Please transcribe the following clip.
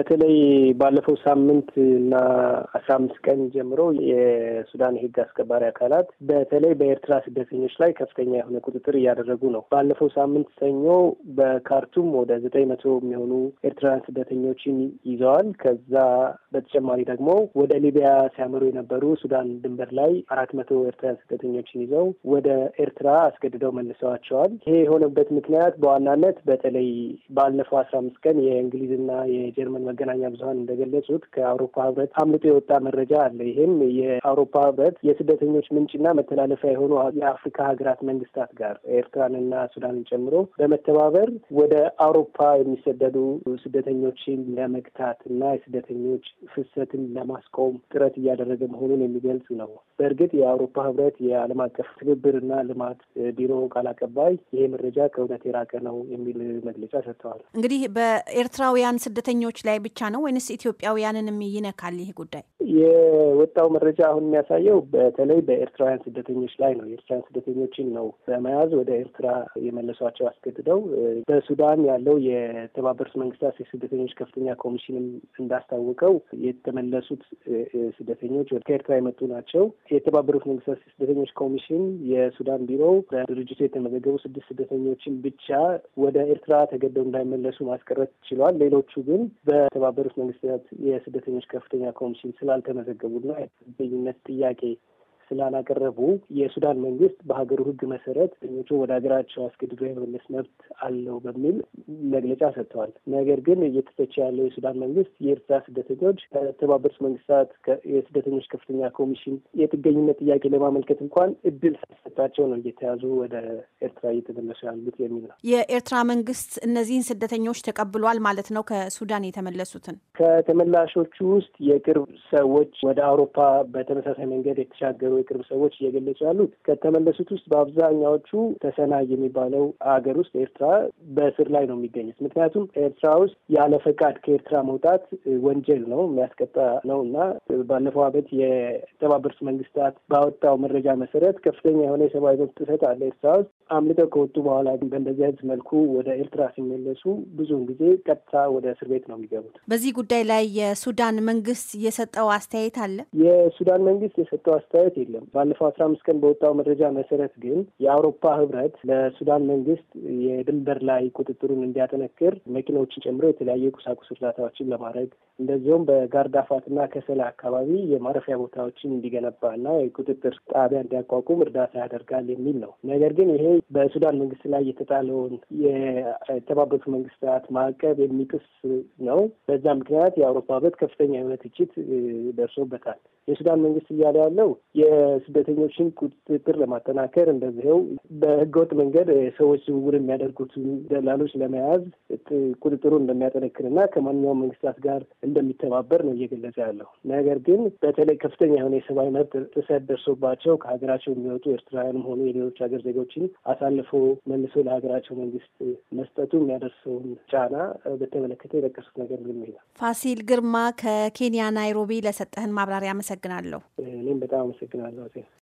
በተለይ ባለፈው ሳምንት እና አስራ አምስት ቀን ጀምሮ የሱዳን የህግ አስከባሪ አካላት በተለይ በኤርትራ ስደተኞች ላይ ከፍተኛ የሆነ ቁጥጥር እያደረጉ ነው። ባለፈው ሳምንት ሰኞ በካርቱም ወደ ዘጠኝ መቶ የሚሆኑ ኤርትራውያን ስደተኞችን ይዘዋል። ከዛ በተጨማሪ ደግሞ ወደ ሊቢያ ሲያመሩ የነበሩ ሱዳን ድንበር ላይ አራት መቶ ኤርትራያን ስደተኞችን ይዘው ወደ ኤርትራ አስገድደው መልሰዋቸዋል። ይሄ የሆነበት ምክንያት በዋናነት በተለይ ባለፈው አስራ አምስት ቀን የእንግሊዝና የጀርመን መገናኛ ብዙኃን እንደገለጹት ከአውሮፓ ህብረት አምልጦ የወጣ መረጃ አለ። ይህም የአውሮፓ ህብረት የስደተኞች ምንጭና መተላለፊያ የሆኑ የአፍሪካ ሀገራት መንግስታት ጋር ኤርትራንና ሱዳንን ጨምሮ በመተባበር ወደ አውሮፓ የሚሰደዱ ስደተኞችን ለመግታት እና የስደተኞች ፍሰትን ለማስቆም ጥረት እያደረገ መሆኑን የሚገልጽ ነው። በእርግጥ የአውሮፓ ህብረት የዓለም አቀፍ ትብብርና ልማት ቢሮ ቃል አቀባይ ይሄ መረጃ ከእውነት የራቀ ነው የሚል መግለጫ ሰጥተዋል። እንግዲህ በኤርትራውያን ስደተኞች ላይ ላይ ብቻ ነው ወይንስ ኢትዮጵያውያንንም ይነካል ይህ ጉዳይ? የወጣው መረጃ አሁን የሚያሳየው በተለይ በኤርትራውያን ስደተኞች ላይ ነው። የኤርትራያን ስደተኞችን ነው በመያዝ ወደ ኤርትራ የመለሷቸው አስገድደው። በሱዳን ያለው የተባበሩት መንግስታት የስደተኞች ከፍተኛ ኮሚሽንም እንዳስታወቀው የተመለሱት ስደተኞች ከኤርትራ የመጡ ናቸው። የተባበሩት መንግስታት የስደተኞች ኮሚሽን የሱዳን ቢሮ በድርጅቱ የተመዘገቡ ስድስት ስደተኞችን ብቻ ወደ ኤርትራ ተገደው እንዳይመለሱ ማስቀረት ችሏል። ሌሎቹ ግን በ በተባበሩት መንግስታት የስደተኞች ከፍተኛ ኮሚሽን ስላልተመዘገቡና የጥገኝነት ጥያቄ ስላላቀረቡ የሱዳን መንግስት በሀገሩ ህግ መሰረት ኞቹ ወደ ሀገራቸው አስገድዶ የመመለስ መብት አለው በሚል መግለጫ ሰጥተዋል። ነገር ግን እየተተቸ ያለው የሱዳን መንግስት የኤርትራ ስደተኞች ከተባበሩት መንግስታት የስደተኞች ከፍተኛ ኮሚሽን የጥገኝነት ጥያቄ ለማመልከት እንኳን እድል ሳይሰጣቸው ነው እየተያዙ ወደ ኤርትራ እየተመለሱ ያሉት የሚል ነው። የኤርትራ መንግስት እነዚህን ስደተኞች ተቀብሏል ማለት ነው። ከሱዳን የተመለሱትን ከተመላሾቹ ውስጥ የቅርብ ሰዎች ወደ አውሮፓ በተመሳሳይ መንገድ የተሻገሩ የቅርብ ሰዎች እየገለጹ ያሉት ከተመለሱት ውስጥ በአብዛኛዎቹ ተሰናይ የሚባለው ሀገር ውስጥ ኤርትራ በእስር ላይ ነው የሚገኙት። ምክንያቱም ኤርትራ ውስጥ ያለ ፈቃድ ከኤርትራ መውጣት ወንጀል ነው፣ የሚያስቀጣ ነው እና ባለፈው ዓመት የተባበሩት መንግስታት ባወጣው መረጃ መሰረት ከፍተኛ የሆነ የሰብአዊ መብት ጥሰት አለ ኤርትራ ውስጥ። አምልጠው ከወጡ በኋላ በእንደዚህ አይነት መልኩ ወደ ኤርትራ ሲመለሱ ብዙውን ጊዜ ቀጥታ ወደ እስር ቤት ነው የሚገቡት። በዚህ ጉዳይ ላይ የሱዳን መንግስት የሰጠው አስተያየት አለ? የሱዳን መንግስት የሰጠው አስተያየት የለም። ባለፈው አስራ አምስት ቀን በወጣው መረጃ መሰረት ግን የአውሮፓ ህብረት ለሱዳን መንግስት የድንበር ላይ ቁጥጥሩን እንዲያጠነክር መኪናዎችን ጨምሮ የተለያዩ ቁሳቁስ እርዳታዎችን ለማድረግ እንደዚሁም በጋርዳፋትና ከሰላ አካባቢ የማረፊያ ቦታዎችን እንዲገነባና የቁጥጥር ጣቢያ እንዲያቋቁም እርዳታ ያደርጋል የሚል ነው። ነገር ግን ይሄ በሱዳን መንግስት ላይ የተጣለውን የተባበሩት መንግስታት ማዕቀብ የሚጥስ ነው። በዛ ምክንያት የአውሮፓ ህብረት ከፍተኛ የሆነ ትችት ደርሶበታል። የሱዳን መንግስት እያለ ያለው የስደተኞችን ቁጥጥር ለማጠናከር እንደዚው በህገወጥ መንገድ ሰዎች ዝውውር የሚያደርጉት ደላሎች ለመያዝ ቁጥጥሩ እንደሚያጠነክርና ከማንኛውም መንግስታት ጋር እንደሚተባበር ነው እየገለጸ ያለው። ነገር ግን በተለይ ከፍተኛ የሆነ የሰብአዊ መብት ጥሰት ደርሶባቸው ከሀገራቸው የሚወጡ ኤርትራውያንም ሆኑ የሌሎች ሀገር ዜጎችን አሳልፎ መልሶ ለሀገራቸው መንግስት መስጠቱ የሚያደርሰውን ጫና በተመለከተ የጠቀሱት ነገር ምንም ይላል። ፋሲል ግርማ ከኬንያ ናይሮቢ ለሰጠህን ማብራሪያ መሰግ asignarlo. a sí.